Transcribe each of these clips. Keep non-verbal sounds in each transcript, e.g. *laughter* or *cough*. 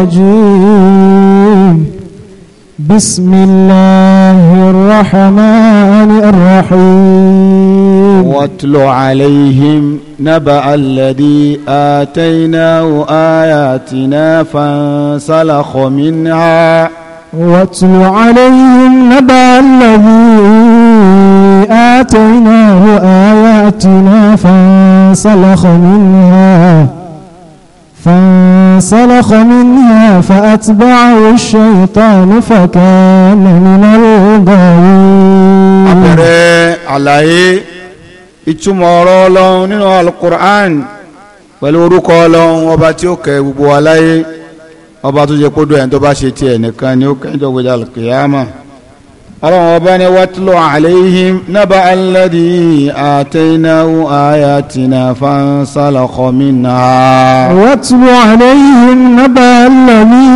الرجيم بسم الله الرحمن الرحيم واتل عليهم نبأ الذي آتيناه آياتنا فانسلخ منها واتل عليهم نبأ الذي آتيناه آياتنا فانسلخ منها فانسلخ فانسلخ منها فأتبعه الشيطان فكان من الغاوين àbẹ̀rẹ̀ àlàyé ìtumọ̀ ọ̀rọ̀ Ọlọ́run nínú alukur'an pẹ̀lú orúkọ Ọlọ́run ọba tí ó kẹ́ gbogbo aláyé ọba tó jẹ́ kó dùn ẹni tó bá ṣe tiẹ̀ nìkan ni ó kẹ́ ń jọ gbẹdẹ alukiyama ọlọ́run ọba ni wàtúlọ̀ àlẹ́yìn nábà alẹ́dì àtẹ̀yìnáwó ayatina fansalakọ̀ minna. wàtúlọ̀ àlẹ́yìn nábà alẹ́dì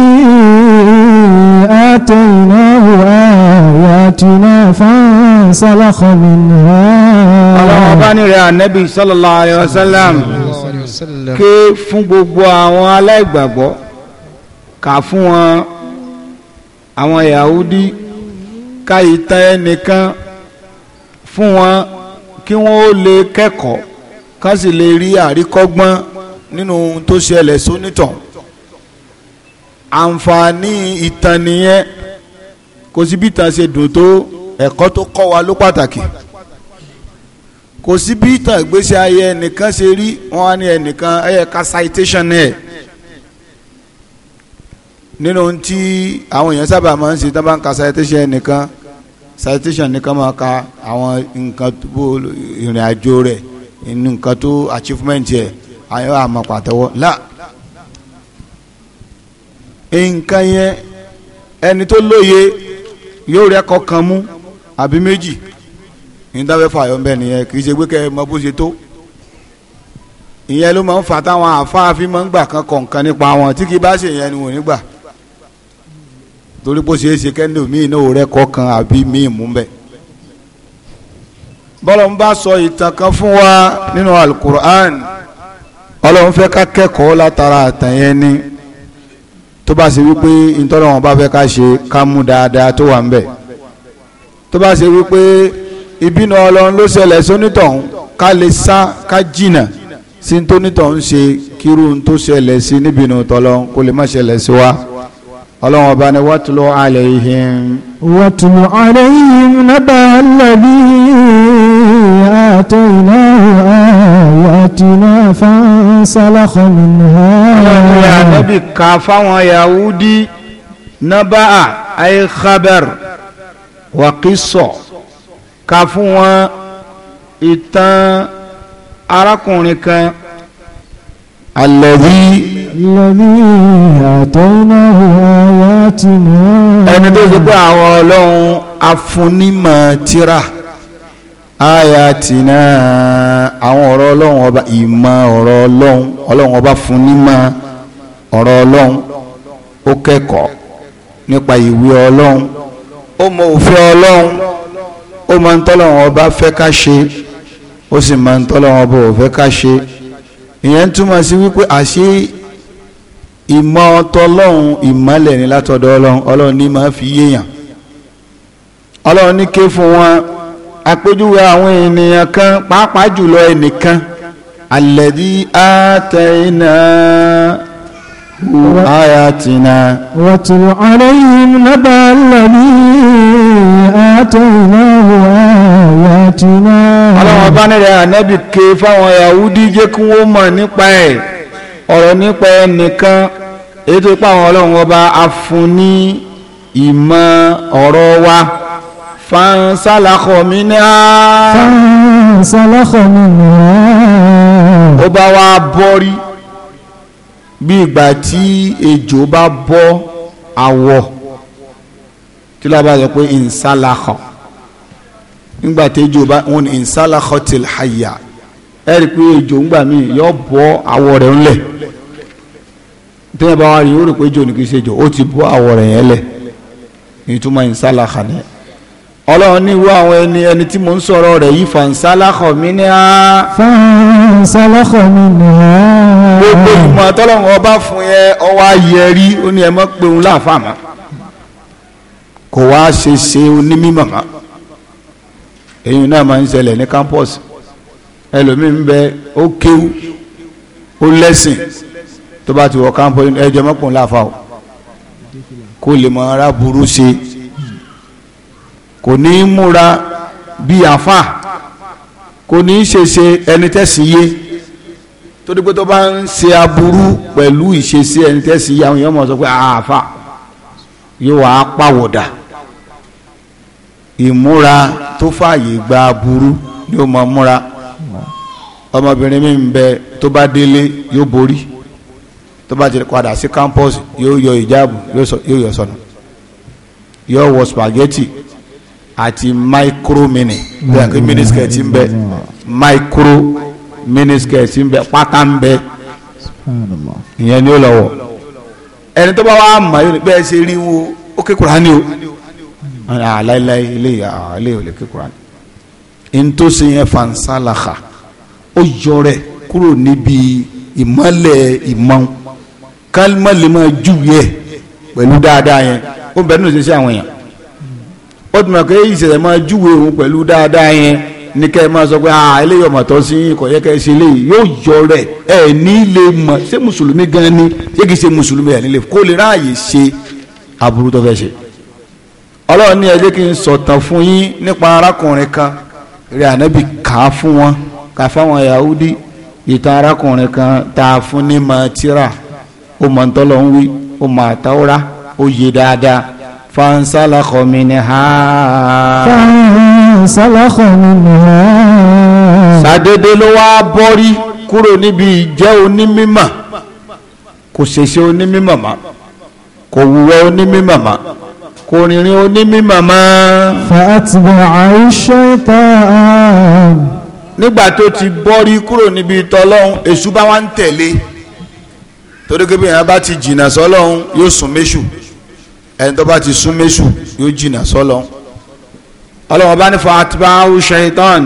àtẹ̀yìnáwó ayatina fansalakọ̀ minna. ọlọ́run ọba ni rẹ̀ ànábì sallallahu alayhi wa sallam ké fún gbogbo àwọn aláìgbàgbọ́ kà fún wọn àwọn yahudi ka ìtàn ẹnìkan fún wọn kí wọ́n ó lè kẹ́kọ̀ọ́ ká sì lè rí àríkọ́gbọ́n nínú ohun tó ṣẹlẹ̀ sónítàn àǹfààní ìtàn nìyẹn kò sí bí ìtàn ṣe dùn tó ẹ̀kọ́ tó kọ́ wa ló pàtàkì kò sí bí ìtàn ìgbésí ayé ẹnìkan ṣe rí wọn á ní ẹnìkan ẹ̀yẹ ká citation ẹ̀ nínú tí àwọn èèyàn sábà máa ń ṣe tán bá ń ka citation nìkan citation nìkan máa ka àwọn nǹkan tó ìrìn àjò rẹ̀ nǹkan tó achievement yẹ àyọ̀ àmọ́ pàtẹ́wọ́ là nǹkan yẹn ẹni tó lóye yóò rẹ́ kọkàn mú àbí méjì nígbàfẹ́ fààyàn bẹ́ẹ̀ nìyẹn kì í ṣe pé kẹ́ ẹ mọ bó ṣe tó ìyẹn ló máa ń fa táwọn àáfàá máa ń gbà kan nípa wọn tí kì í bá ṣe ìyẹn ni wọn ò ní gbà torí bó ṣe é ṣe kẹ́ni omi iná òrẹ́ kọ̀ọ̀kan àbí míì mú bẹ́ẹ̀. bọ́lá ń bá sọ ìtàn kan fún wa nínú alukur'an ọlọ́run fẹ́ ká kẹ́kọ̀ọ́ látara àtàn yẹn ni tó bá ṣe wípé ìtọ́nà wọn bá fẹ́ ká ṣe ká mú dáadáa tó wà ń bẹ̀ tó bá ṣe wípé ìbínú ọlọ́run ló ṣẹlẹ̀ sónítọ̀hún ká lè sá ká jìnà sí tónítọ̀hún ṣe kírun tó ṣẹlẹ̀ sí níbínú tọ́lọ́run kó lè má ṣẹlẹ̀ sí wa ọlọ́run ọba ni watlu alayhim. watlu alayhim naba alladhi ataynahu ayatina fansalakha minha. ọlọ́run ni ànábì ká fáwọn yahudi naba ay khabar ká fún wọn ìtàn arákùnrin kan alẹ́bí alẹ́bí àtọ́náwó àyátìná ẹni tó ṣe pé àwọn ọlọ́run afúnímọ̀ tíra àyátìná àwọn ọ̀rọ̀ ọlọ́run ọba ìmọ̀ ọ̀rọ̀ ọlọ́run ọlọ́run ọba fúnímọ̀ ọ̀rọ̀ ọlọ́run ó kẹ́kọ̀ọ́ nípa ìwé ọlọ́run ó mọ òfin ọlọ́run ó mọ ń ọba fẹ́ ká ṣe ó sì mọ ń ọba ò fẹ́ ká ṣe ìyẹn túmọ̀ sí wípé àṣé ìmọ̀ ọtọlọ́hun ìmọ̀lẹ̀ ní látọ̀dọ̀ ọlọ́run ọlọ́run ní máa fi yéèyàn ọlọ́run ní ké fún wọn àpèjúwe àwọn ènìyàn kan pàápàá jùlọ ẹnìkan alẹ́dí àtẹ̀yìnà ayatina. wàtí alayhim nàbà alladhi àtẹ̀yìnà ayatina. ọlọ́wọ́n bá nílẹ̀ ànẹ́bì ké fáwọn Yahudi jẹ́ kí wọ́n mọ̀ nípa ẹ̀ ọ̀rọ̀ nípa ẹ̀ nìkan èyí tó pa àwọn ọlọ́wọ́n ọba afun ní ìmọ̀ ọ̀rọ̀ wa fansalakọ mi ní á. fansalakọ mi ní á. ó bá wa bọ́rí bí ìgbà tí ejò bá bọ́ àwọ̀ kí ló bá pé ìnsálàkọ̀ nígbà tí ejò bá wọn ní nsala hotel haya ẹ rí i pé ejò ńgbà míì yọ bọ́ awọ rẹ̀ ńlẹ̀ tẹ́yìn bá wà rí yóò rí pé ejò ní kí n ṣe ejò ó ti bọ́ awọ rẹ̀ yẹn lẹ̀ ìtumọ̀ nsala hàní ọlọ́run ní irú àwọn ẹni ẹni tí mo ń sọ̀rọ̀ rẹ̀ yìí fàǹsálàkọ̀ mi ní á. fàǹsálàkọ̀ mi ní á. gbogbo ìmọ̀ tọ́lọ́run ọba fún yẹn ọwọ́ ayẹ rí ó ní ẹ mọ́ pé òun láàfàmà kò wá ṣe ṣe onímọ̀ èyí náà máa ń ṣẹlẹ̀ ní campus ẹlòmíì ń bẹ ó kéwú ó lẹ́sìn tó bá ti wọ campus ẹjọ́ mọ́kùn láfa o kó lè mọ ara burú ṣe kò ní í múra bíi àfa kò ní í ṣe ṣe ẹni tẹ̀sìn yé torí pé tó bá ń ṣe aburú pẹ̀lú ìṣesí ẹni tẹ̀sìn yé àwọn èèyàn mọ̀ sọ pé àáfà yóò wá pàwọ̀dà. ìmúra tó fààyè gba aburú ni ó máa múra ọmọbìnrin mi ń bẹ tó bá délé yóò borí tó bá ti padà sí campus yóò yọ ìjáàbù yóò yọ sọnà yóò wọ spaghetti àti micro mini bí a kò mini skirt ń bẹ micro mini skirt ń bẹ pátá ń bẹ ìyẹn ni ó lọ wọ ẹni tó bá wà á mà yóò bẹ́ẹ̀ ṣe rí wo ó ké Kùránì o. àláìláì ah, ilé ah, ilé ò lè ké Kùránì ntòsí yẹn fansalaxa ó yọ rẹ kúrò níbi ìmọ̀lẹ̀ ìmọ̀ kálímọ̀lẹ́mọ̀ jù yẹ pẹ̀lú dáadáa yẹn ó bẹ̀rẹ̀ ní òṣìṣẹ́ àwọn èèyàn ó tún mọ̀ pé ìṣẹ̀lẹ̀ máa júwe òun pẹ̀lú dáadáa yẹn ní kẹ́ ẹ máa sọ pé à ah, eléyìí ọmọ tó sí kò yẹ kẹ́ ẹ ṣe eléyìí yóò yọ rẹ̀ ẹ ní lè mọ̀ ṣé mùsùlùmí gan ni ṣé kìí ṣe mùsùlùmí ẹ̀ nílé kó lè ráàyè ṣe aburú ọlọ́run ní ẹ jẹ́ kí n sọ̀tàn fún yín nípa arákùnrin kan rí ànábì kà á fún wọn kà á fáwọn yahudi ìtàn arákùnrin kan tá a fún ní matira ó mọ̀ ntọ́lọ̀ ń wí ó mọ̀ àtàwọ́rá ó yé dáadáa fansalakọ mi ni ha. fansalakọ mi ni ha. sàdédé ló wá bọ́rí kúrò níbi ìjẹ́ onímímọ̀ kò ṣèṣe onímímọ̀ mọ́ kò wúwẹ́ onímímọ̀ mọ́ kò rìnrìn onímímọ̀ mọ́. fàtìbọ̀ àìṣẹ́ tán. nígbà tó ti bọ́rí kúrò níbi tọ́lọ́hún èṣù bá wá ń tẹ̀lé torí pé bíyànjú bá ti jìnnà sọ́lọ́hún yóò sún méṣù ẹni tó bá ti sún méṣù yóò jìnnà sọ́lọ́hún. ọlọ́wọ́n bá ní fàtìbọ̀ àìṣẹ́ tán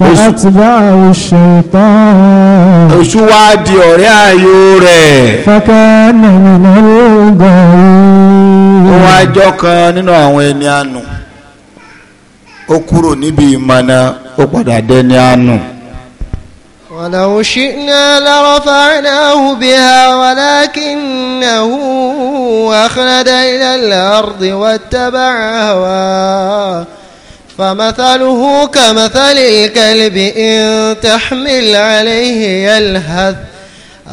fàtìbáwò ṣètàn. oṣù wa di ọ̀rẹ́ ààyò rẹ̀. fàkànnà nínú ọgbà yìí. ó wá jọ kan nínú àwọn ẹni àánú ó kúrò níbi ìmọ̀nà ó padà dẹni àánú. ولو شئنا لرفعناه بها ولكنه أخلد إلى الأرض واتبع هواه فمثله كمثل الكلب إن تحمل عليه يلهث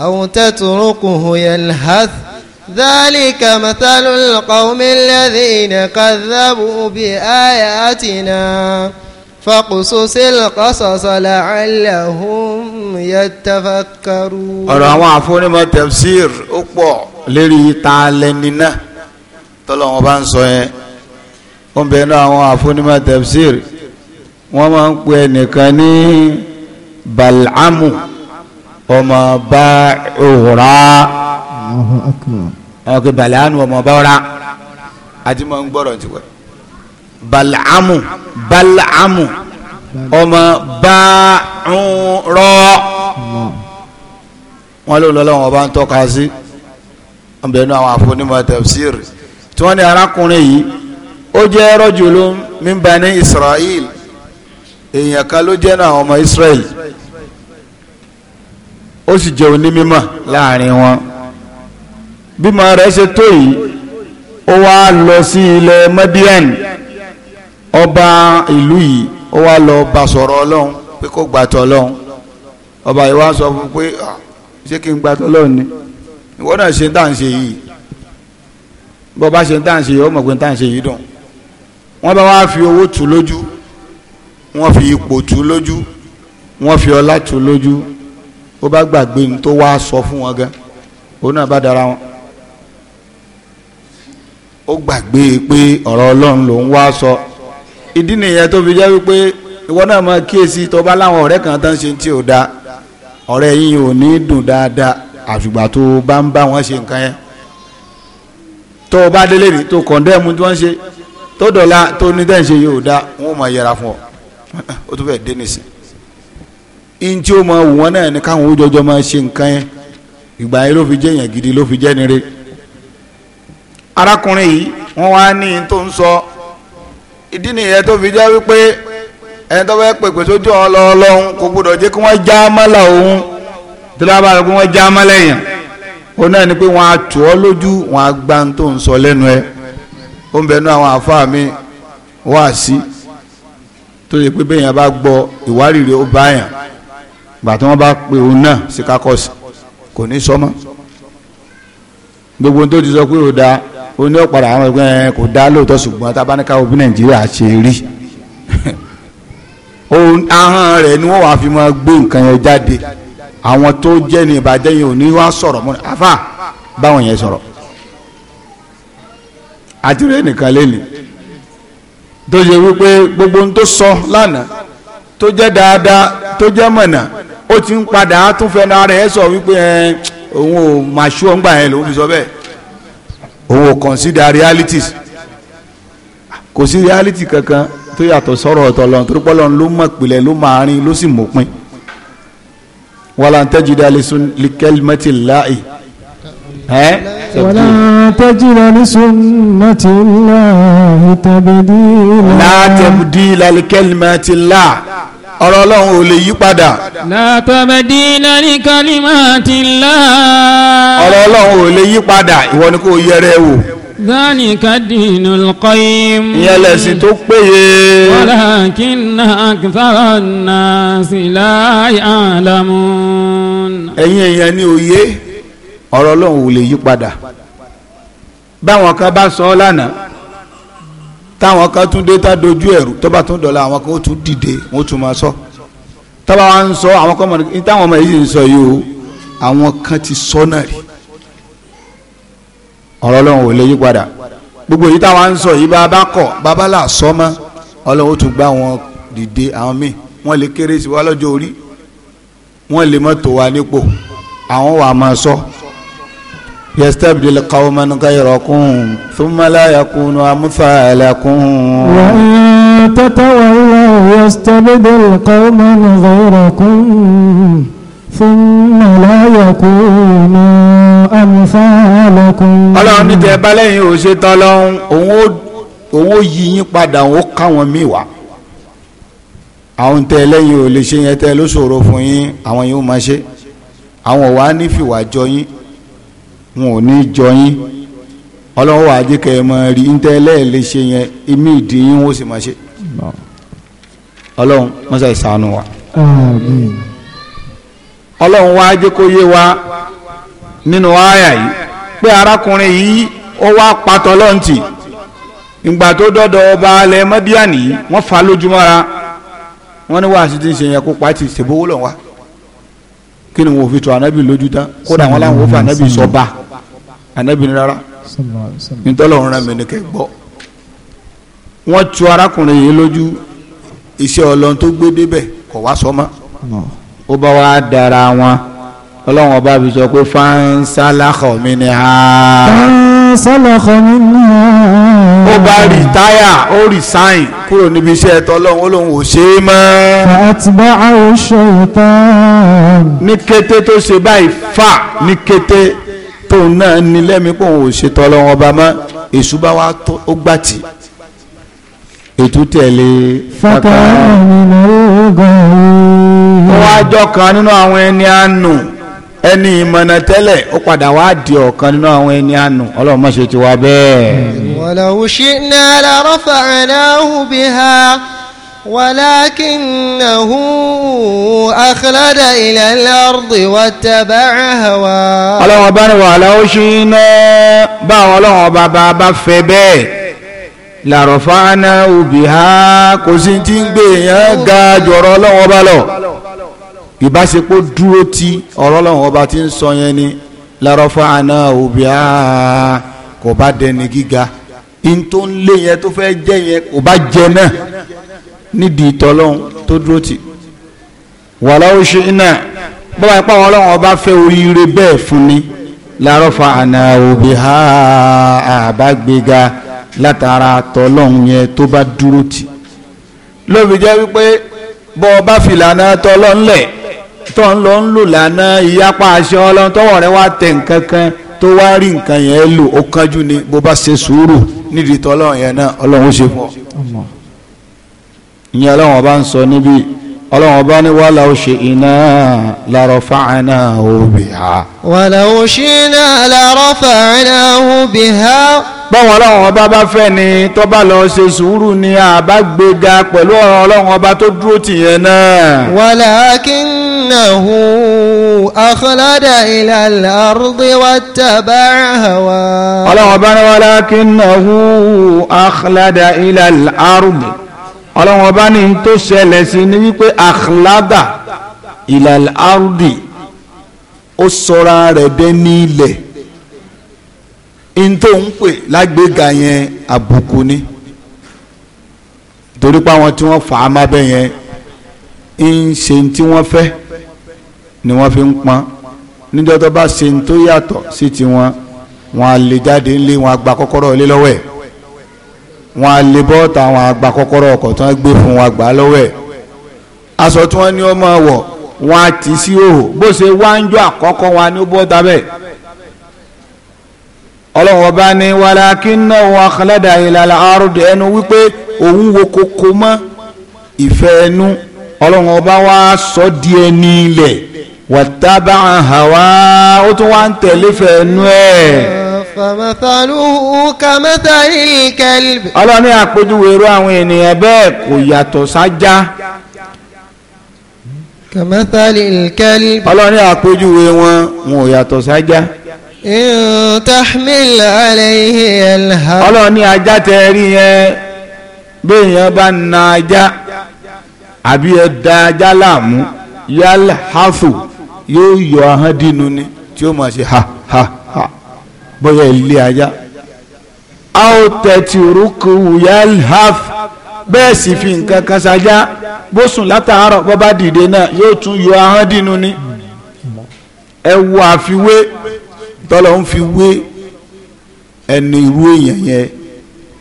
أو تتركه يلهث ذلك مثل القوم الذين كذبوا بآياتنا فقصص القصص لعلهم يتفكرون ọ̀rọ̀ àwọn àfúnimọ̀ tafsir ó pọ̀ lérí ta lẹ́ni náà ó ń bẹ nínú àwọn àfúnímọ̀ tafsir wọ́n máa ń pè ẹnìkan ní bal'amu ọmọ bá òhùrá àwọn kò bal'anu ọmọ bá òhùrá àti máa ń gbọ́rọ̀ tiwẹ̀ bal'amu bal'amu ọmọ bá òhùrá wọ́n ló lọ́lọ́wọ́n ọba ń tọ́ka sí ọ̀bẹ̀nu àwọn àfúnímọ̀ tafsir tí wọ́n ní arákùnrin yìí ó jẹ́ rọ́jùlú min bani Israel èèyàn kan ló jẹ́ náà ọmọ Israel ó sì jẹ́ onímọ̀ láàrin wọn bímọ rẹ̀ ṣe tó yìí ó wá lọ sí ilẹ̀ Madian ọba ìlú yìí ó wá lọ bá sọ̀rọ̀ ọlọ́run pé kó gbàtọ̀ ọlọ́run ọba yìí wá sọ fún pé ṣé kí n gbàtọ̀ ọlọ́run ni ìwọ náà ṣe ń tà ń ṣe yìí bọ́ bá ṣe ń tà ń ṣe yìí ó mọ̀ pé ń tà ń ṣe yìí dùn wọ́n bá wá fi owó tù lójú wọ́n fi ipò tù lójú wọ́n fi ọlá tù lójú ó bá gbàgbé ní tó wá sọ fún wọn gan òun náà bá dara wọn ó gbàgbé pé ọ̀rọ̀ ọlọ́run ló ń wá sọ ìdí nìyẹn tó fi jẹ́ wípé ìwọ náà máa kíyèsí tó bá láwọn ọ̀rẹ́ kan tán ṣe tí ò da ọ̀rẹ́ yìí ò ní dùn dáadáa àfìgbà tó bá ń bá wọn ṣe nǹkan yẹn tó o bá délé ní tó kọ̀ndẹ́ẹ̀mù tí wọ́n ṣe tó dọ̀la tó ní dẹ́nse yóò da wọn ò máa yẹra fún ọ o *laughs* tún fẹ́ dé nìsín in tí o máa wù wọn náà ni káwọn ojọjọ máa ṣe nǹkan yẹn ìgbà yẹn ló fi jẹ́ yẹn gidi ló fi jẹ́ nire arákùnrin yìí wọ́n wá ní in tó ń sọ ìdí nìyẹn tó fi jẹ́ wípé ẹni tó fẹ́ pèpè sójú ọ̀hún lọ ọlọ́run kò gbọdọ̀ jẹ́ kí wọ́n já mọ́lá òun tó dábàá rẹ̀ kí wọ́n já mọ́lá èèyàn òun náà ni pé wọ́n á tù ọ́ lójú wọ́n á gbá ń tó ń sọ lẹ́nu ẹ̀ ó ń bẹnu àwọn àáfàá mi wá sí tó yẹ pé bẹ́ẹ̀ yẹn bá gbọ́ ìwárìrì ó bá yàn gbà tí wọ́n bá pe òun náà sí kákọ́sì kò ní sọmọ́ gbogbo tó ti sọ pé ò da ó ní ọ̀padà àwọn ẹgbẹ́ yẹn kò dá lóòótọ́ ṣùgbọ́n tá a nàìjíríà ṣe rí *laughs* ahọ́n rẹ̀ ni wọ́n wàá fi máa gbé nǹkan yẹn jáde àwọn tó jẹ́ ní ìbàjẹ́ yẹn ò ní wá sọ̀rọ̀ mọ́ àfà báwọn yẹn sọ̀rọ̀ àti rẹ nìkan lẹ́nu tó yẹ wípé gbogbo ohun tó sọ lánàá tó jẹ́ dáadáa tó jẹ́ mọ̀nà ó ti ń padà á tún fẹ́nu ara ẹ̀ sọ wípé ẹ̀ òun ò màṣú ọ̀ngbà yẹn lòun fi sọ bẹ́ẹ̀ òun ò consider realities kò sí reality kankan tó yàtọ̀ sọ̀rọ̀ ọ̀tọ̀ lọ́n torí pọ́lọ́ ló mọ̀ pìlẹ̀ ló máa rin ló sì mọ̀pin wàlá ń dá lè sún láì ولا تجد لسنة الله تبديلا لا تبديل لكلمة الله ọ̀rọ̀ ọlọ́run ò lè yí padà. la tabdila li kalimatillah. ọ̀rọ̀ ọlọ́run ò lè yí padà ìwọ ni kò yẹrẹ wò. dhalika dinul qayyim. ìyẹn lẹ̀sìn tó péye. walakinna akthara nnasi la ya'lamun. ẹ̀yin èèyàn ni òye ọ̀rọ̀ ọlọ́run ò lè yí padà báwọn kan bá sọ ọ́ lánàá táwọn kan tún dé tá dojú ẹ̀rù tó bá tún dọ̀la àwọn kan ó tún dìde wọ́n tún máa sọ tọ́ba wa ń sọ àwọn kan mọ̀ ní táwọn ọmọ yìí ń sọ yìí o àwọn kan ti sọ náà rí ọ̀rọ̀ ọlọ́run ò lè yí padà gbogbo yìí táwọn ń sọ yìí bá bá kọ̀ bàbá là sọ mọ́ ọlọ́run ó tún gbá wọn dìde àwọn míì wọ́n lè kéré sí wa lọ́jọ́ orí wọ́n lè mọ́ tó wa nípò àwọn wà máa sọ. So يستبدل قوما غيركم ثم لا يكون أمثالكم وإن تتولوا يستبدل قوما غيركم ثم لا يكون أمثالكم ọlọ́run ní tẹ́ bá lẹ́yìn ò ṣe tán lọ́hún òun ó yí yín padà òun ó káwọn míì wá àwọn tẹ́ lẹ́yìn ò lè ṣe yẹn tẹ́ ló ṣòro fún yín àwọn yìí ó máa ṣe àwọn wàá nífìwà jọ yín wọn ò ní jọ yín ọlọ́wọ́ àjẹkẹ́ ẹ̀ máa rí tẹ́lẹ̀ lè ṣe yẹn imí ìdí yín wọ́n sì máa ṣe ọlọ́run mọ́sá ìsànù wa ọlọ́run wá wa nínú àyà yìí pé arákùnrin yìí ó wá patọ́ lọ́ǹtì ìgbà dọ́dọ̀ ọba alẹ́ mọ́díàní wọ́n fa lójúmọ́ra wọ́n ní kó ṣèbówó lọ́wọ́ kí ni fi lójú tán kódà wọn anabi ni rárá nítọ́lọ́run rán mi ní kẹ́ gbọ́ wọ́n tu arákùnrin yìí lójú iṣẹ́ ọlọ́run tó gbé débẹ̀ kọ̀ wá sọ́mọ́. ó bá wa dara wọn ọlọ́run ọba fi sọ pé fansalakhọ mi ni ha. fansalakhọ mi ni ha. ó bá rìtáyà ó resign kúrò níbi iṣẹ́ tọ́lọ́run ó lóun ò ṣe é mọ́. atba'ahu shaytan. ní kété tó ṣe báyìí fà ní kété. tóun náà ní lẹ́mí pé òun ò ọba mọ́ èṣù bá wa tó ó gbà tì ètò tẹ̀lé fata wọ́n wá jọ kan nínú àwọn ẹni àánú ẹni ìmọ̀nà tẹ́lẹ̀ ó padà wá di ọ̀kan nínú àwọn ẹni àánú ọlọ́run ṣe ti wá bẹ́ẹ̀. ولكنه أخلد إلى الأرض واتبع هواه ọlọ́run ọba ni ولو شئنا báwọn ọlọ́run ọba bá bá fẹ́ bẹ́ẹ̀ لرفعناه بها kò sí tí ń gbé èèyàn ga jọ̀rọ̀ ọlọ́run ọba lọ ìbáṣepọ̀ dúró ti ọ̀rọ̀ ọlọ́run ọba ti ń sọ yẹn ni لرفعناه بها kò bá dẹni gíga in tó ń lé yẹn tó fẹ́ jẹ́ yẹn kò bá jẹ náà nídìí tọ́lọ́hún tó dúró tì wàláwó ṣe iná bọ́wá ipá wọn ọlọ́run ọba fẹ́ oríire bẹ́ẹ̀ fún ni lárọ́fà àná òbí ha àbágbéga látara tọ́lọ́hún yẹn tó bá dúró tì lóbi jẹ́ wípé bọ́ ọba fìlànà tọ́lọ́ńlẹ̀ tó ń lọ ń lò lánàá ìyapa àṣẹ ọlọ́run tọ́wọ́ rẹ wá tẹ̀ nǹkan kan tó wá rí nǹkan yẹn lò ó kánjú ni bó bá ṣe sùúrù nídìí yẹn náà ọlọ́run ó ṣe ìyẹn ọlọ́wọ́n bá ń sọ níbi ọlọ́wọ́n bá ní wàhálà ó ṣe iná lárọ fáànà òbí ha. wàhálà ó ṣe iná lárọ fáànà òbí ha. báwọn ọlọ́wọ́n bá bá fẹ́ ni tó bá lọ ṣe sùúrù ni àbágbéga pẹ̀lú ọ̀rọ̀ ọlọ́wọ́n bá tó dúró tìyẹn náà. walakinnahu akhlada ila al-ardi wattaba'a hawa. ọlọ́wọ́n bá ní walakinnahu akhlada ila al-ardi ọlọ́run ọba ní tó ṣẹlẹ̀ sí ni wípé akhlada ilal ardi ó sọra rẹ̀ dé ní ilẹ̀ ntó ń pè lágbèéga yẹn àbùkù ni torí pé àwọn tí wọ́n fà á má bẹ́ yẹn ń ṣe tí wọ́n fẹ́ ni wọ́n fi ń pọn níjọ́ tó bá ṣe tó yàtọ̀ sí tiwọn wọn a lè jáde ńlé wọn a gba kọ́kọ́rọ́ ilé lọ́wọ́ ẹ̀. wọn a lè bọ́ táwọn àgbà kọ́kọ́rọ́ ọkọ̀ tí wọ́n gbé fún wa gbà lọ́wọ́ aṣọ tí wọ́n ní ó máa wọ̀ wọn a tì sí òhò bó ṣe wá ń jọ àkọ́kọ́ wa ní ó bọ́ tabẹ́ ọlọ́wọ́ bá ní walakinna wa akhlada ilal ardi ẹnu wípé òun wo koko mọ́ ìfẹ́ ẹnu ọlọ́wọ́ bá wá sọ di ẹni ilẹ̀ wàtábà wá ó tún wá ń tẹ̀lé fẹ́ ẹnu ẹ̀. fàmàtàlùhù kàmàtàlì kẹlìbì. ọlọ́ni àpèjúwe irú àwọn ènìyàn bẹ́ẹ̀ kò yàtọ̀ sájá. kàmàtàlì kẹlìbì. ọlọ́ni àpèjúwe wọn wọn ò yàtọ̀ sájá. in tahmil alayhi alha. ọlọ́ni ajá tẹ rí yẹn béèyàn bá na ajá àbí ẹ da ajá láàmú yálà hafu yóò yọ ahọ́n dínú ni tí ó máa ṣe ha ha bóyá ilé ajá a ó tẹ̀tì orúkọ wùyá haf bẹ́ẹ̀ sì fi nǹkan kan ṣajá bó sùn látàárọ̀ bó bá dìde náà yóò tún yọ ahọ́n dínú ni ẹ wo àfiwé tọ́lọ́ ń fi wé ẹni irú èèyàn yẹn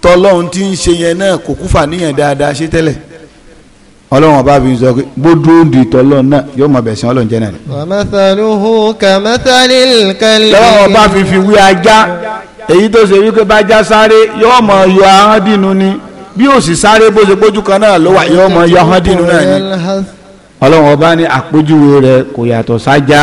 tọ́lọ́ ń ti ń ṣe yẹn náà kò kúfà níyàn dáadáa ṣe tẹ́lẹ̀ ọlọ́run ọba fi sọ pé gbódú di tọ́lọ́ náà yóò mọ bẹ̀sẹ̀ ọlọ́run jẹ́ náà ni. wàmẹ́sàlùhù kàmẹ́sàlì kẹlẹ́. lọ́wọ́ ọba fi fi wí ajá èyí tó ṣe wípé bá já sáré yóò mọ yọ ahọ́n dínú ni bí ó sì sáré bó ṣe gbójú kan náà ló wà yóò mọ yọ ahọ́n dínú náà ni ọlọ́run ọba ní àpèjúwe rẹ̀ kò yàtọ̀ sájà.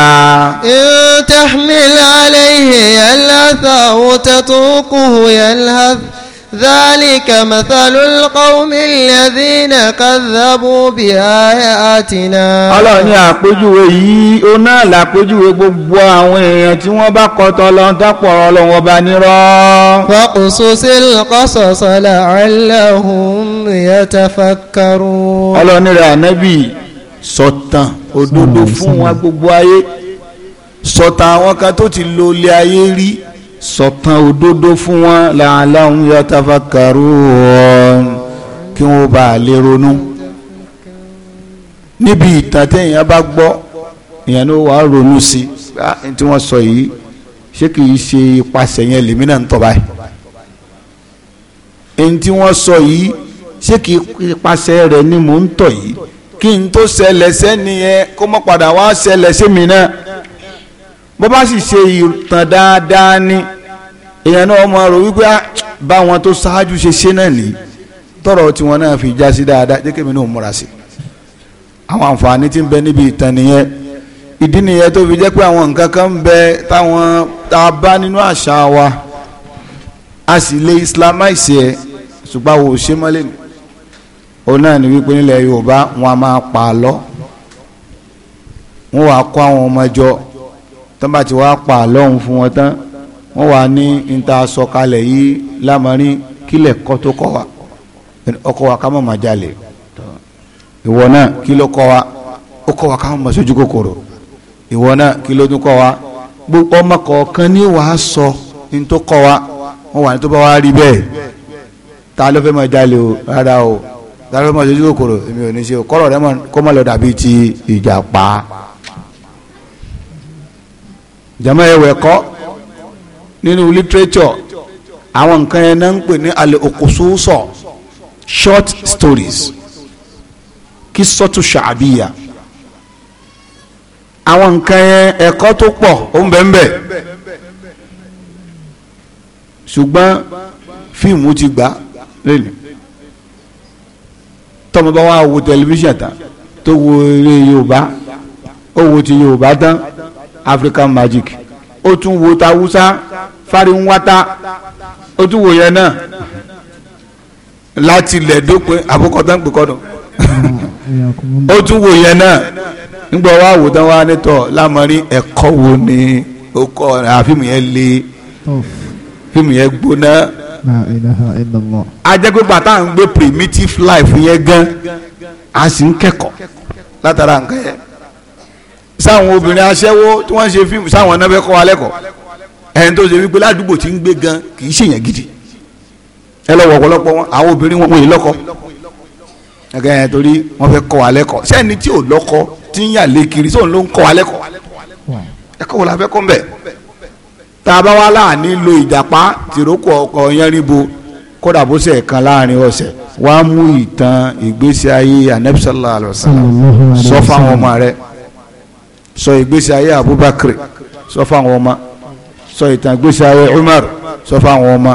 ìtàhmìlá lẹ́yìn yẹn lásà òun tẹ́tún kù yẹn lásà. ذلك مثل القوم الذين كذبوا بآياتنا ọlọ́run ní àpèjúwe yìí ó náà làpèjúwe gbogbo àwọn èèyàn tí wọ́n bá kọtọ lọ́n tápọ̀ ọlọ́run ọba nírọ́. فاقصص القصص لعلهم يتفكرون. ọlọ́run rẹ̀ ànábì sọ̀tàn òdodo fún wa gbogbo ayé sọ̀tàn àwọn kan tó ti lo ilé ayé rí sọ̀tàn òdodo fún wọn làálàhùn yatafakkarun kí wọ́n bá lè ronú níbi ìtàn téèyàn bá gbọ́ èèyàn ló wàá ronú sí i ah, tí wọ́n sọ yìí ṣé kì í ṣe ipasẹ̀ yẹn lèmi náà ń tọ́ báyìí èyí tí wọ́n sọ yìí ṣé kì í ipasẹ̀ rẹ̀ ni mò ń tọ̀ yìí kí n tó ṣẹlẹ̀ sẹ́niyẹn kó mọ́ padà wá ṣẹlẹ̀ sí mi náà bó bá sì ṣe ìtàn dáadáa ni èèyàn náà mọ̀ ọ́rọ̀ wípé ah, báwọn tó ṣáájú ṣe ṣe náà nìyí tọrọ tiwọn náà fi já sí dáadáa jẹ́ kémi náà múra sí àwọn àǹfààní tí ń bẹ níbi ìtàn nìyẹn ìdí nìyẹn tó fi jẹ́ pé àwọn nǹkan kan ń bẹ táwọn tá a bá nínú àṣà wa a sì lè islamize ẹ ṣùgbọ́n àwọn òṣè mọ́lẹ̀ mi òun náà ní wípé nílẹ̀ yorùbá wọn a máa pa àlọ́ wọn wàá kó àwọn ọmọ jọ tán bá ti wá pa àlọ́hun fún wọn tán wọ́n wà ní níta sọ̀kalẹ̀ yìí lámọrin kílẹ̀ kọ́ tó kọ́ wa ọkọ wa ká má máa jalè ìwọ náà kí ló kọ́ wa ó kọ́ wa ká má máa sojú kòkòrò ìwọ náà kí ló tún kọ́ wa gbogbo ọmọ kọ̀ọ̀kan ní wàá sọ ní tó kọ́ wa wọ́n wà ní tó bá wá rí bẹ́ẹ̀ ta ló fẹ́ máa jalè o rárá o ta ló fẹ́ máa sojú kòkòrò èmi ò ní ṣe o kọ́rọ̀ rẹ kó má lọ dàbí ti jama ẹ̀wẹ̀ kọ́ nínú literature àwọn nǹkan yẹn náà ń pè ní alẹ́ short stories kí sọ́tù ṣàbíyà àwọn nǹkan yẹn ẹ̀kọ́ tó pọ̀ ó ń bẹ́ẹ̀ bẹ́ẹ̀ ṣùgbọ́n fíìmù ti gbà lẹ́nu tọ́mọ bá wà wo tẹlifíṣàn tán tó wo eré yorùbá ó wo ti yorùbá tán African Magic ó tún wo tawusa fariwata ó tún wo yẹn náà láti ilẹ̀ dópin àbúkọ tán pè kọ́dọ̀ ó tún wo yẹn náà nígbà wà wò tán wà nítọ̀ lámọ̀rí ẹ̀kọ́ wo ni ó kọ́ àfihàn yẹn le fíìmù yẹn gbóná ajẹ́pẹ́ bàtà ń gbé primitive life yẹn gan a sì ń kẹ́kọ̀ọ́ látara nǹkan yẹn. sáwọn obìnrin aṣẹ́wó tí wọ́n ṣe fíìmù sáwọn ọ̀nà fẹ́ kọ́ alẹ́ kọ́ ẹni tó ṣe wípé ládùúgbò tí ń gbé gan kì í ṣèyàn gidi ẹ lọ́wọ́ ọ̀pọ̀lọpọ̀ wọn àwọn obìnrin wọn yìí lọ́kọ ẹ̀kẹ́ ẹ̀ torí wọ́n fẹ́ kọ́ alẹ́ kọ́ sẹ́ni tí ò lọ́kọ tí ń yà lé kiri sóun ló ń kọ́ alẹ́ kọ́ ẹ̀kọ́ wo la fẹ́ kọ́ mbẹ́ tá a bá wá láàánú lo ìjàpá tìrókò ọkọ̀ yẹnribo kódà bó ṣe kan láàrin ọ̀sẹ̀ wàá mú ìtàn ìgbésí ayé anabisalaam sọ fáwọn ọmọ rẹ̀ sọ ìgbésí ayé Abubakar sọ fáwọn ọmọ sọ ìtàn ìgbésí ayé Umar sọ fáwọn ọmọ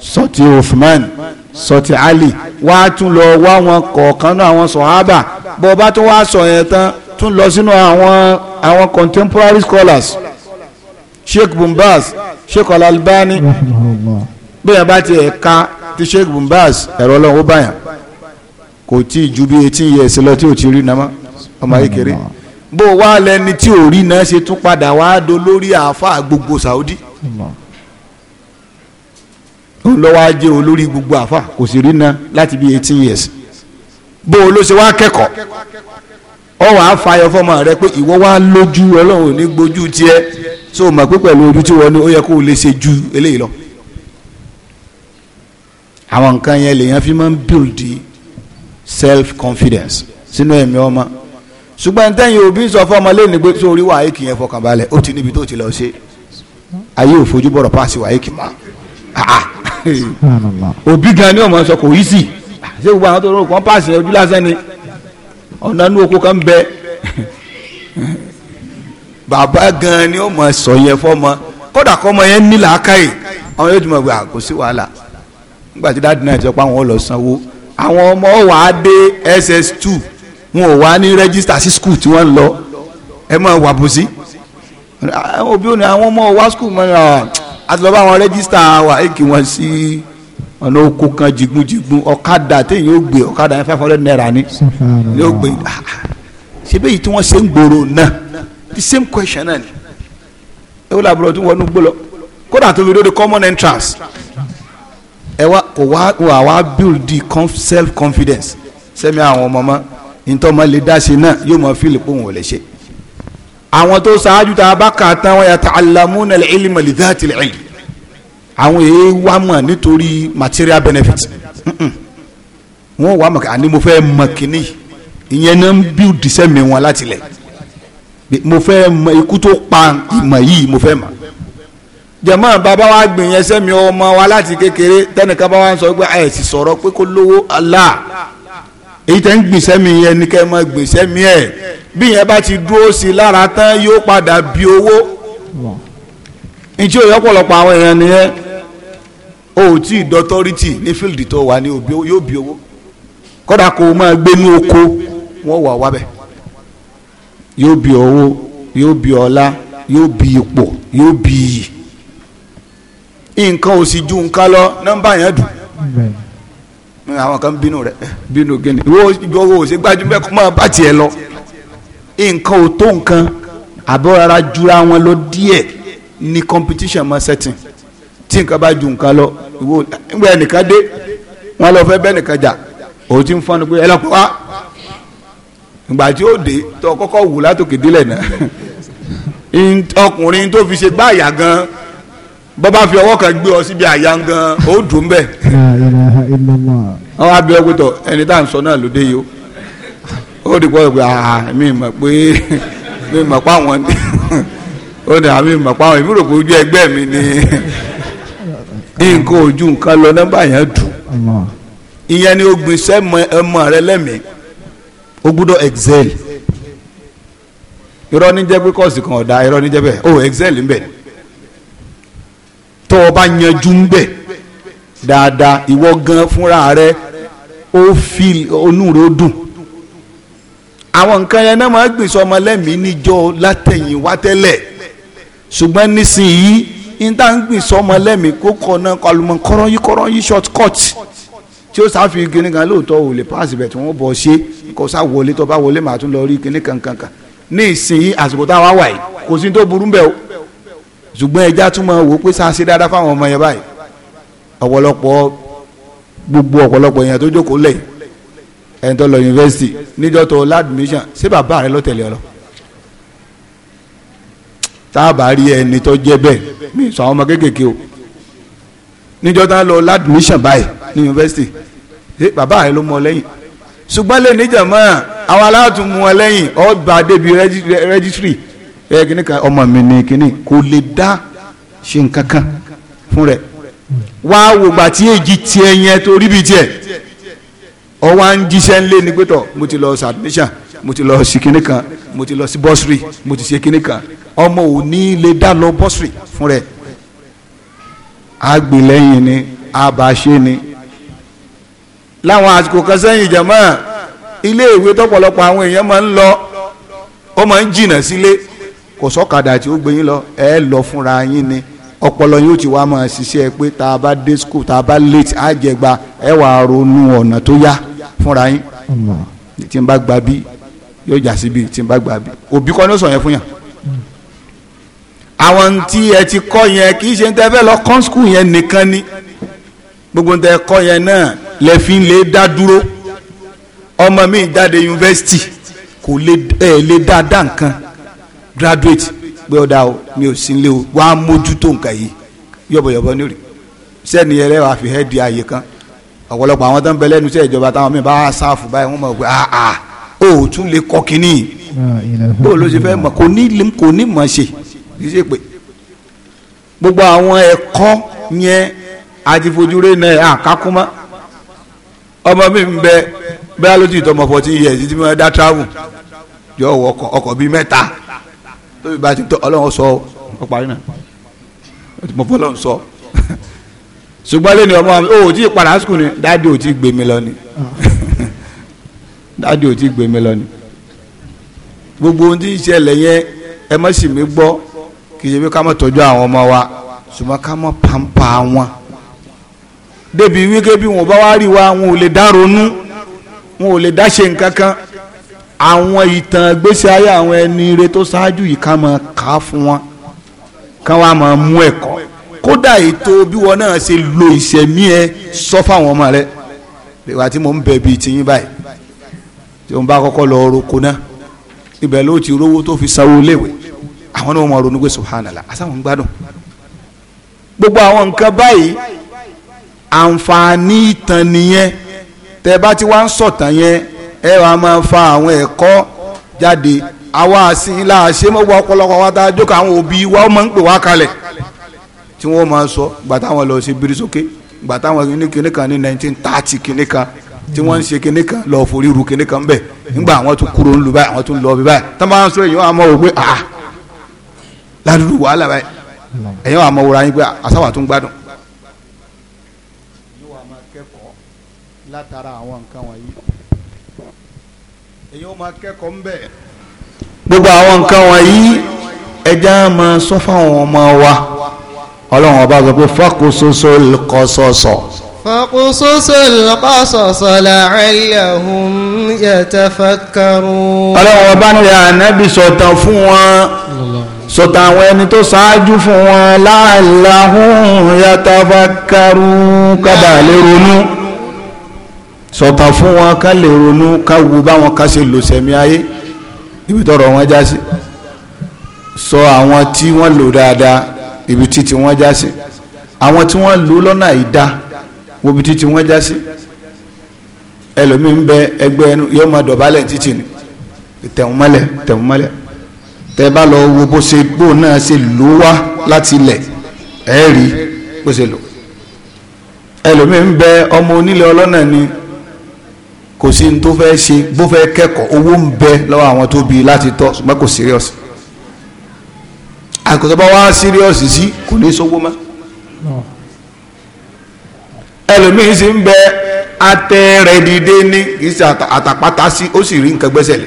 sọ ti Uthman sọ ti Ali wá tún lọ wá wọn kọ̀ọ̀kan náà àwọn sọ̀hábà bó bá tún wá sọ yẹn tán tún lọ sínú àwọn àwọn contemporary scholars Sheikh Bumbaz Sheikh Al-Albani bóyá bá ti ẹ̀ka ti Sheikh Bumbaz ẹ̀rọ ọlọ́run ó báyà kò tí ì ju bí eighteen years lọ tí ò ti rí nàmá ọmọ ayé kéré bó o wá lẹni tí ò rí náà ṣe tún padà wá do lórí àáfàá gbogbo Saudi ó lọ́wọ́ ajé olórí gbogbo àáfàá kò sì rí náà láti bí eighteen years bó o ló ṣe wá kẹ́kọ̀ọ́ ọ wàá fàyọ fọmọ rẹ pé ìwọ wá lójú ọlọ́run ní gbójú tiẹ̀ so mọ̀ pé pẹ̀lú ojú tí wọ́n ní ó yẹ kó o lè ṣe ju eléyìí lọ àwọn nǹkan yẹn lèèyàn fi máa ń build self confidence sínú ẹ̀mí ọmọ ṣùgbọ́n tẹ́yìn òbí sọ fọmọ lẹ́nu pé sórí wàhálà kì í yẹn fọkàn balẹ̀ ó ti níbi tó ti lọ ṣe ayé òfojú bọ̀rọ̀ páàsì wàhálà kì í mọ́ ah, ah. òbí gan ni ọmọ sọ kò yí sí ah, ṣé gbogbo àwọn tó rọ kàn páàsì ojú lásán ni ọ̀nà inú oko kan bẹ *laughs* bàbá gan ni ọmọ sọ yẹn fọmọ kódà kọ́mọ yẹn ní làákàyè àwọn yóò ti mọ̀ pé kò sí wàhálà nígbà tí dáàdì náà ti sọ pé àwọn ò lọ sanwó àwọn ọmọ wàá dé ss two wọn ò wá ní rẹ́gísítà sí skul tí wọ́n ń lọ ẹ mọ̀ wà bùsí òbí òní àwọn ọmọ wá skul mọ́ ẹ àti lọ́ọ́ bá wọn rẹ́gísítà wà é kí wọ́n sí ọ̀nà oko kan jigunjigun ọ̀kadà téèyàn ó gbé ọ̀kadà yẹn five hundred naira ni yóò gbé ṣé bẹ́ẹ̀ tí wọ́n ṣe ń gbòòrò náà the same question náà ni ewu làbúrò tó wọnú gbó lọ kódà tó fi dóde common entrance ẹ wá kò wá wà wá build the self confidence sẹ́mi àwọn ọmọ mọ́ ntọ́mọ lè dá sí náà yóò mọ fíìlì pòun ò lè ṣe àwọn tó ṣáájú tá a bá kà tán wọn yata'allamuna al-ilma li dhati al-ilm àwọn èyí wá mọ̀ nítorí material benefit wọ́n wá mọ̀ àní mo fẹ́ mọ̀ kínní ìyẹn náà ń build sẹ́mi wọn láti lẹ̀ mo fẹ́ mọ̀ ikú tó pa ìmọ̀ yìí mo fẹ́ mọ̀ jẹ̀mọ́ bàbá wa gbìyànjú sẹ́mi ọmọ wa láti kékeré tẹ́nìkan bá wa sọ pé àìsí sọ̀rọ̀ pé kó lówó Allah èyí tẹ́ ń gbìnsẹ́ mi yẹn ni kẹ́ mọ́ gbìnsẹ́ mi ẹ̀ bí yẹn bá ti dúró sí i lára tán yóò padà bí owó ìjọ ìyọ́pọ̀lọpọ̀ àwọn èèyàn nìyẹn o ò tí ì dọ́tọ́rìtì ní fíìlì tó wà ní yóò bí owó kódà kó o máa gbé ní oko wọ́n wà wábẹ̀ yóò bí owó yóò bí ọlá yóò bí ipò yóò bí iyì nǹkan ò sì ju nǹkan lọ nọ́mbà yẹn dùn àwọn kan bínú rẹ bínú gẹ́ni wo ìjọ wo ṣe gbajúmọ̀ kó máa bá tiẹ̀ lọ nǹkan ò tó nǹkan àbọ̀ rárá jura wọn lọ díẹ̀ ní competition mọ́ setting tí nǹkan bá ju nǹkan lọ ìwọ ìgbà ẹnìkan dé wọn lọ fẹ́ bẹ́ẹ̀ nìkan jà òun ti ń fọ́n ni pé ẹ lọ pa wá ìgbà tí ó dé tó kọ́kọ́ wù látòkè délẹ̀ náà *laughs* ọkùnrin tó fi ṣe gbáàyà gan-an bọba fi ọwọ kan gbé ọ síbi àyà gan ó dùn ọ ẹni tá à ń sọ náà lóde yìí ó ó di pọ́ mi mọ̀ pé *laughs* mi mọ̀ pé àwọn ó ní àmì mọ̀ àwọn ìmúròkó mi ni nǹkan ojú nǹkan lọ nọ́mbà yẹn dùn ìyẹn ni ogun gbin ọmọ rẹ lẹ́mìí gbúdọ̀ excel kan ọ̀dà ní jẹ́ bẹ́ẹ̀ tó o bá yanjú ń bẹ̀ dáadáa ìwọ gan fúnra rẹ ó fi onú rẹ ó dùn àwọn nǹkan yẹn náà máa gbèsè ọmọ lẹ́mìí níjọ látẹ̀yìnwá tẹ́lẹ̀ ṣùgbọ́n nísìnyí níta ń gbèsè ọmọ lẹ́mìí kó kọ náà kọlùmọ̀ kọ́rọ́yí kọ́rọ́yí short cut tí ó sáfi gíní kan lóòótọ́ ò lè pass ibẹ̀ tí wọ́n bọ̀ ṣe kó sá wọlé tó bá wọlé màá tún lọ rí kíní kankan kan ní àsìkò tá wà yìí kò sí tó burú bẹ́ẹ̀ o ṣùgbọ́n ẹja tún máa wò ó pé sáà ṣe dáadáa fáwọn ọmọ yẹn báyìí ọ̀pọ̀lọpọ̀ gbogbo ọ̀pọ̀lọpọ̀ yẹn tó jókòó lẹ̀ ẹni tó lọ yunifásitì níjọ́ tó ládùmíṣàn ṣé bàbá rẹ ló tẹ̀lé ọ lọ. táàbà rí ẹni tó jẹ́ bẹ́ẹ̀ mi sọ àwọn ọmọ kéékèèké o níjọ́ tá lọ ládùmíṣàn báyìí ní yunifásitì ṣé bàbá rẹ ló mọ lẹ́yìn ṣùgbọ́n lè níjàmọ́ àwọn aláàtúmọ̀ lẹ́yìn ọ̀gbà débi rẹ́gísírì ẹ kíní kan ọmọ mi ní kò lè dá ṣe nkankan kan fún rẹ wá wògbà tí èjì tiẹ̀ yẹn torí bíi tiẹ̀ ọwọ́ à ń jíṣẹ́ ńlé ní pẹ́tọ̀ mo ti lọ sàdínísàn mo ti lọ sí kíní kan mo ti lọ sí bọ́sìrì mo ti ṣe kíní kan ọmọ ò ní lè dá lọ bọ́sìrì fún rẹ ni abàṣe ni láwọn àsìkò kan sẹ́yìn ìjàmọ́ ilé ìwé àwọn èèyàn máa ń lọ ó ń sílé. kò sọ́kadà tí ó gbé yín lọ ẹ lọ fúnra yín ni ọpọlọ yóò ti wá máa ṣiṣẹ́ pé tá a bá dé school tá a bá late á jẹgba ẹ wàá ronú ọ̀nà tó yá fúnra yín tí n bá gba bí yóò jà síbi tí n bá gba bí òbí kọ́ ni ó sọ yẹn fún yàn àwọn tí ẹ ti kọ́ yẹn kì í ṣe ń tẹ́ lọ kọ́ school yẹn nìkan ni gbogbo ń tẹ́ kọ́ yẹn náà lẹ fi lè dá dúró ọmọ mi jáde yunifásitì kò lè ẹ nǹkan graduate gbé ọ̀dà o mi ò sí nílé o wà á mójútó nǹkan yìí yọ̀bọ̀yọ̀bọ̀ ní òrì sẹ́ni yẹn lẹ́wọ̀ àfi hẹ́ẹ̀dì ààyè kan ọ̀pọ̀lọpọ̀ àwọn tó ń bẹ lẹ́nu iṣẹ́ ìjọba táwọn míì bá wà sáàfù báyìí wọ́n mọ̀ pé àà ah, ah, o tún lè kọ́ kínní bó ló ṣe fẹ́ mọ̀ kò ní kò ní mọ̀ ṣe kì í ṣe pé gbogbo àwọn ẹ̀kọ́ yẹn àtifojúre náà àkákúmọ́ ọmọ mi ń bẹ bẹ́ẹ̀ tọmọ fourteen years títí mi dá travel yọ ọkọ̀ ọkọ̀ bíi mẹ́ta tóbi bá ti tó ọlọ́run sọ ọ parí náà mo fọ́ ọlọ́run sọ ṣùgbọ́n lẹ́nu ọmọ mi ò tí ì padà sùkùn ni dáàdi ò tí ì gbé mi lọ ni dáàdi ò tí ì gbé mi lọ ni gbogbo ohun tí ń ṣẹlẹ̀ yẹn ẹ má sì mí gbọ́ kì í ṣe pé ká má tọ́jú àwọn ọmọ wa ṣùgbọ́n ká má pàǹpà wọn débi wíkẹ́ bí wọn bá wá rí wa wọn ò lè dá ronú wọn ò lè dá ṣe nǹkan kan àwọn ìtàn gbésí ayé àwọn ẹni ire tó ṣáájú yìí ká máa kà fún wọn ká wá máa mú ẹ̀kọ́ kódà ètò bí wọn náà ṣe lo ìṣẹ̀mí ẹ sọ fáwọn ọmọ rẹ ìwà tí mo ń bẹ bíi tiyín báyìí tí mo bá kọ́kọ́ lọ roko náà ibẹ̀ ló ti rówó tó fi sanwó léwe àwọn náà máa ronú pé subhanallah asáwọn ń gbádùn gbogbo àwọn nǹkan báyìí àǹfààní ìtàn nìyẹn tẹ bá ti wá ń sọ̀tàn yẹn ẹ wàá máa fa àwọn ẹ̀kọ́ jáde àwa àsìn ilá àṣẹ mọ́gbà ọ̀pọ̀lọpọ̀ wa tá jókòó wa ó máa ń pè wá kalẹ̀ tí wọ́n máa sọ gbà táwọn lọ sí biri gbà táwọn kìnnìkan kan ní nineteen thirty kìnnìkan tí wọ́n ń ṣe kinní kan lọ forí ru kinní kan bẹ́ẹ̀ nígbà àwọn tún kúrò ń lu báyìí àwọn tún lọ bí báyìí sọ èyàn àmọ́ òwe ah ládùúgbò wàhálà báyìí èyàn àmọ́ yín pé ah, èyí ó máa kẹ́kọ̀ọ́ ń bẹ̀. gbogbo àwọn nǹkan wọ̀nyí ẹja máa sọ fáwọn ọmọ wa ọlọ́run ọba sọ pé fọ́kùsọ́sọ́ lọ́kọ́ sọ̀sọ̀. فقصص القصص لعلهم يتفكرون ọlọ́run ọba ní ànábì sọ̀tàn fún wọn sọ̀tàn àwọn ẹni tó ṣáájú fún wọn لعلهم يتفكرون kábàá lè ronú sọ̀tàn fún wọn ká lè ronú ká wo báwọn ká ṣe lò sẹ̀mí ayé ibi tọrọ wọn já sí sọ àwọn tí wọ́n lò dáadáa ibi títí wọ́n já sí àwọn tí wọ́n lò lọ́nà ìdá wo ibi títí wọ́n já sí ẹlòmíì ń bẹ ẹgbẹ́ ẹnu yóò máa dọ̀bálẹ̀ títì ni tẹ̀wọ́n mọ́lẹ̀ tẹ̀wọ́n mọ́lẹ̀ tẹ bá lọ wo bó ṣe gbó náà ṣe lò wá láti ilẹ̀ ẹ̀ rí bó ṣe lò ẹlòmíín bẹ ọmọ onílé ọlọ́nà ni kò sí ní tó fẹ́ ṣe bó fẹ́ kẹ́kọ̀ọ́ owó ń bẹ lọ́wọ́ àwọn tó bi láti tọ́ ṣùgbọ́n kò serious àkóso bá wá serious sí kò ní sówó mọ́ ẹlòmíín sì ń bẹ atẹ rẹ dìde ní kì í ṣe àtàpátá sí ó sì rí nǹkan gbẹ́sẹ̀ lé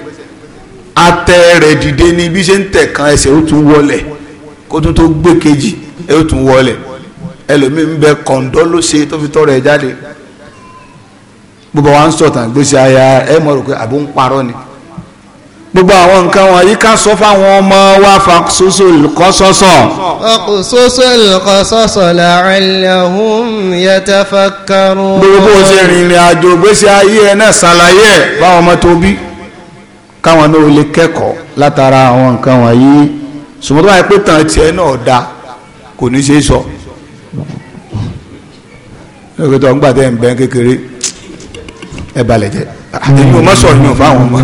atẹ rẹ dìde ní bí ṣe ń tẹ̀kan ẹsẹ̀ ó tún wọlé kó tún tó gbé kejì ó tún wọlé ẹlòmíín ń bẹ kọ̀ńdọ́ ló ṣe tó fi tọrọ ẹ̀ jáde gbogbo wa ń sọ̀tàn gbèsè àyà ẹ mọ̀ rò pé àbó ń parọ́ ni gbogbo àwọn nǹkan wọ̀nyí ká sọ fáwọn ọmọ wa fa soso lùkọ́ sọ́sọ́. soso lùkọ́ sọ́sọ́ la'allahum yatafakkarun. gbogbo bó ṣe rìnrìn àjò gbèsè ayé ẹ náà ṣàlàyé ẹ báwọn ọmọ tó bí káwọn náà lè kẹ́kọ̀ọ́ látara àwọn nǹkan wọ̀nyí sùmọ́tò wáyé pé tàn tiẹ̀ náà da kò ní ṣe sọ. lókè tó ń gbà ń bẹ́ kékeré ẹ balẹ̀ jẹ́ èyí ò hmm. má sọ yẹn fáwọn ọmọ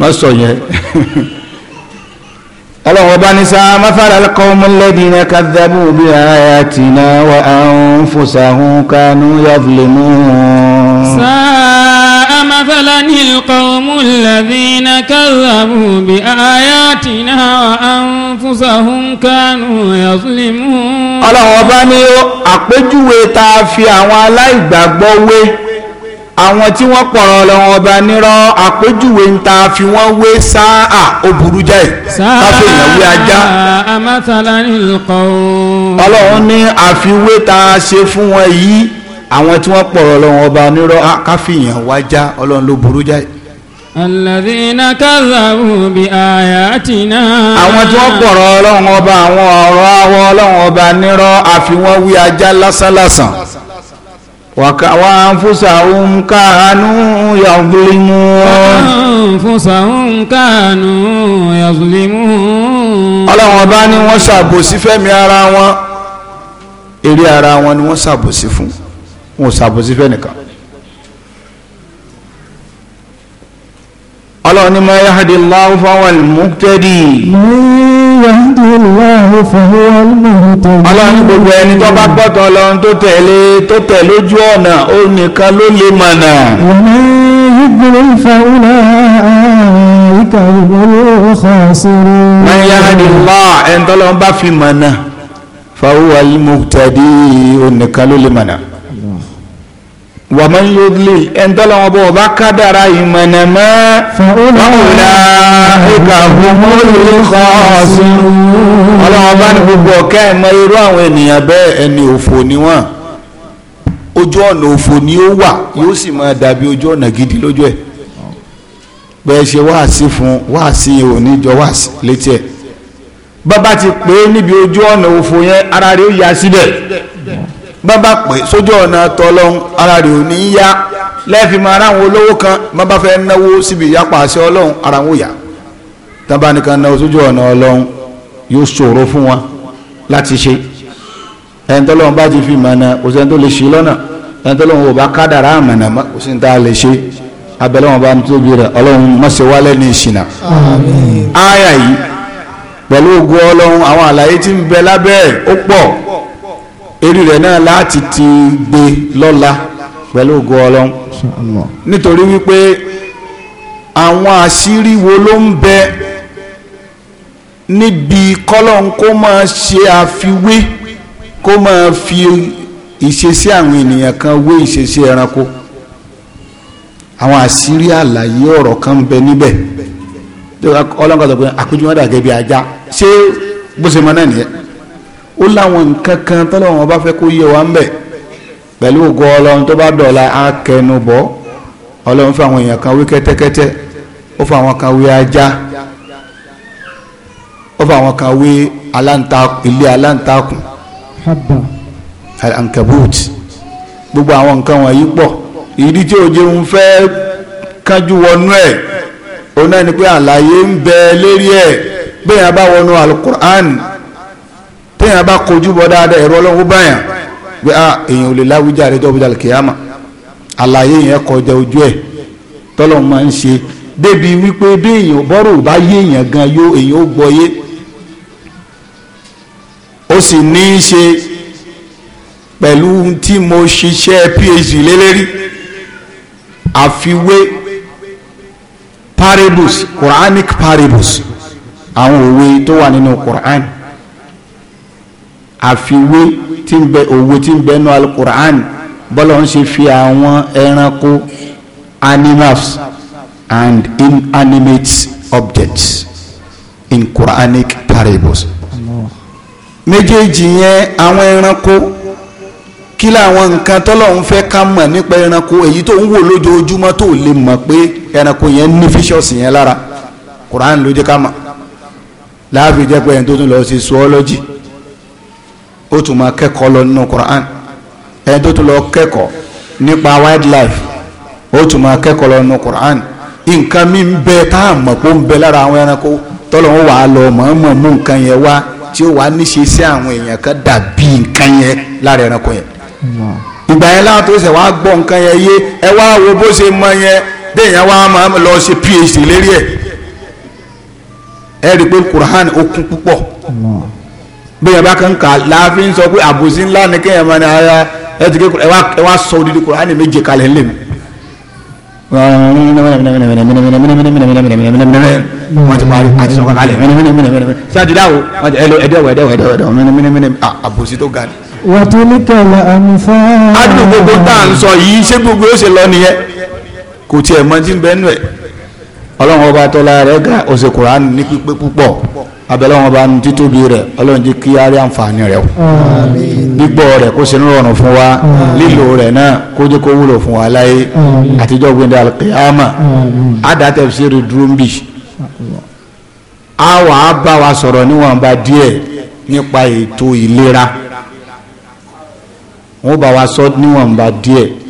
má sọ yẹn. ọlọ́run ọba ní sá mafara alqawmu alladhina kadhabu bi ayatina wa anfusahum kanu yazlimun. sa'a mathalan alqawmu alladhina kadhabu bi ayatina wa anfusahum kanu yazlimun. ọlọ́run ọba ní àpèjúwe tá a fi àwọn aláìgbàgbọ́ wé àwọn tí wọ́n pọ̀rọ̀ lọ́wọ́ ọba nírọ́ àpéjúwe ń ta fi wọ́n wé sáà ó burú jáì káfí ìyàwó ajá. ọlọ́run ní àfiwé tá a ṣe fún wọn yìí àwọn tí wọ́n pọ̀rọ̀ lọ́wọ́ ọba nírọ́ káfí ìyàwó ajá ọlọ́run ló burú jáì. Àlàdínà kàzàbù bí àyàtìná. Àwọn tí wọ́n pọ̀rọ̀ ọlọ́run ọba àwọn ọ̀rọ̀ àwọn ọlọ́run ọba nírọ́ àfi wọ́n wí ajá lásánlásán. وأنفسهم كانوا يظلمون وأنفسهم كانوا يظلمون ọlọ́run ọba ni wọ́n ṣàbòsí fẹ́mi ara wọn eré ara wọn ni wọ́n ṣàbòsí fún wọn ò ṣàbòsí fẹ́nìkan ọlọ́run ni ما يهدي الله ọlọ́run gbogbo ẹni tó bá gbọ́tọ̀ ọlọ́run tó tẹ̀lé tó tẹ̀ lójú ọ̀nà ó nìkan ló lè mọ̀nà wọ́n yá nílá ẹni tọ́lọ́run bá fi mọ̀nà fàwọ́ alìmọ̀tàdí ó nìkan ló lè mọ̀nà wa man yudlil ẹ̀ńtọ́lọ́wọ́n bọ̀ ọba kádàrá ìmọ̀nà mọ́ fọ́nùlá ìkà fúnmọ́lùkọ́ sí ọlọ́wọ́n bá ní gbogbo ọ̀kẹ́ ẹ̀mọ́ irú àwọn ènìyàn bẹ́ẹ̀ ẹni òfò ni wọ́n ojú ọ̀nà òfò ni ó wà yóò sì máa dàbí ojú ọ̀nà gidi lójú ẹ̀ bẹ́ẹ̀ ṣe wáàsí fún wáàsí oníjọ wáàsí létí ẹ̀ bàbá ti pè é níbi ojú ọ̀nà òfò yẹn ara rẹ̀ ó yà síbẹ̀ bá bá pè sójú ọ̀nà tọlọ́hún ara rẹ̀ ò ní í yá lẹ́ẹ̀fì máa ráwọn olówó kan bá bá fẹ́ náwó síbi ìyapa àṣẹ ọlọ́hún ara wọn ò yá tábà nìkan náwó sójú ọ̀nà ọlọ́hún yóò ṣòro fún wọn láti ṣe ẹni tọ́lọ́hún bá ti fi mọ̀nà kò sẹ́ni tó lè ṣe lọ́nà ẹni tọ́lọ́hún ò bá kádàrá àmọ̀nà kò sí ní tá a lè ṣe abẹ́lẹ́wọ̀n bá ń tóbi rẹ̀ ọlọ́hún má ṣe wá lẹ́ni ìṣìnà. àmín. yìí pẹ̀lú ògùn ọlọ́hún àwọn àlàyé tí ń bẹ lábẹ́ ó pọ̀ eré rẹ̀ náà láti ti gbé lọ́la pẹ̀lú ògo ọlọ́run nítorí wípé àwọn àṣírí wo ló ń bẹ níbi kọ́lọ́n kó máa ṣe àfiwé kó máa fi ìṣesí àwọn ènìyàn kan wé ìṣesí ẹranko àwọn àṣírí àlàyé ọ̀rọ̀ kan ń bẹ níbẹ̀ ọlọ́nkọ́ sọ pé àpéjú wọn dà bí ajá ṣé bó ṣe mọ náà nìyẹn. ó láwọn nǹkan kan tọ́lọ́wọ́n bá fẹ́ kó yẹ wa ń bẹ̀ pẹ̀lú ògo ọlọ́run tó bá dọ̀la á kẹnu bọ́ ọlọ́run fún àwọn èèyàn kan wí kẹ́tẹ́kẹ́tẹ́ ó fún àwọn kan wí ajá ó fún àwọn kan wí ilé aláǹtakùn ankabut gbogbo àwọn nǹkan wọ̀nyí pọ̀ ìdí tí ó jẹun fẹ́ wọnú ẹ̀ òun náà ni pé àlàyé ń bẹ lérí ẹ̀ bẹ́ẹ̀ yẹn bá wọnú alukur'an téèyàn bá kojú bọ dáadáa ẹ̀rọ ọlọ́run báyàn pé a ah, èèyàn ò lè láwùjá rẹ jọ́bùjá lè kéèyàn mà àlàyé yẹn kọjá ojú ẹ̀ tọ́lọ́run máa ń ṣe débi wípé bí èèyàn bọ́rọ̀ ò bá yé èèyàn gan yó èèyàn ó gbọ́ yé ó sì ní í ṣe pẹ̀lú tí mo ṣiṣẹ́ phd lélẹ́rí àfiwé parables quranic parables àwọn òwe tó wà nínú qur'an àfiwé tí ń bẹ òwe tí ń bẹ nú alukur'an bọ́lá ń ṣe fi àwọn ẹranko animals and inanimate objects in Quranic parables méjèèjì yẹn àwọn ẹranko kí làwọn nǹkan tọ́lọ́run fẹ́ ká mọ̀ nípa ẹranko èyí tó ń wò lójoojúmọ́ tó lè mọ̀ pé ẹranko yẹn ní fíṣọ́ọ̀sì yẹn lára Quran ló jẹ́ ká mọ̀ láàfin jẹ́ pé ẹni tó tún lọ sí zoology ó tún máa kẹ́kọ̀ọ́ lọ nínú Quran ẹni tó tún lọ kẹ́kọ̀ọ́ nípa wildlife ó tún máa kẹ́kọ̀ọ́ lọ nínú Quran nǹkan mi ń bẹ tá a mọ̀ pé ó ń bẹ lára àwọn ẹranko tọ́lọ̀ ń wà á lọ mọ̀ọ́mọ̀ mú nǹkan yẹn wá tí ó wàá níṣe sí àwọn èèyàn kan dàbí nǹkan yẹn lára ẹranko yẹn ìgbà yẹn láwọn ṣe wàá gbọ́ nǹkan yẹn yé ẹ wá wo bó ṣe mọ yẹn bẹ́ẹ̀ yẹn máa lọ ṣe PhD lérí ẹ̀ ẹ rí i pé Quran ó kún púpọ̀ bẹ́ẹ̀ bá kàn ká láàfin sọ pé àbòsí ńlá ni kéèyàn máa ní ara ẹ ti kékeré ẹ wá sọ odidi Kùránì méje kalẹ̀ ńlẹ̀ mi. wọ́n ti parí àti sọ̀kan kalẹ̀ sáàtì dáwọ́ ẹ̀dẹ́wọ̀ ẹ̀dẹ́wọ̀ ẹ̀dẹ́wọ̀ àbòsí tó ga ni. wàtúlíkà la àmúfà. adùn gbogbo tá à ń sọ yìí ṣé gbogbo ó ṣe lọ nìyẹn kò tiẹ̀ mọ́ tí ń bẹ́ẹ̀ nù ẹ̀ ọlọ́run ọba tọ́lá rẹ̀ ga ó ṣe Kùránì ní pípé púpọ̀ abẹ́lẹ́ wọn bá ní títóbi rẹ̀ ọlọ́run jí kí á rí àǹfààní rẹ̀ o gbígbọ́ rẹ̀ kó ṣe nírọ̀rùn fún wa lílo rẹ̀ náà kó jẹ́ kó wúlò fún wa láyé àtijọ́ gbẹ̀dẹ̀ alqiyama àdá tafsiri dúró ń bì á wà á bá wa sọ̀rọ̀ níwọ̀nba díẹ̀ nípa ètò ìlera wọ́n bá wa sọ níwọ̀nba díẹ̀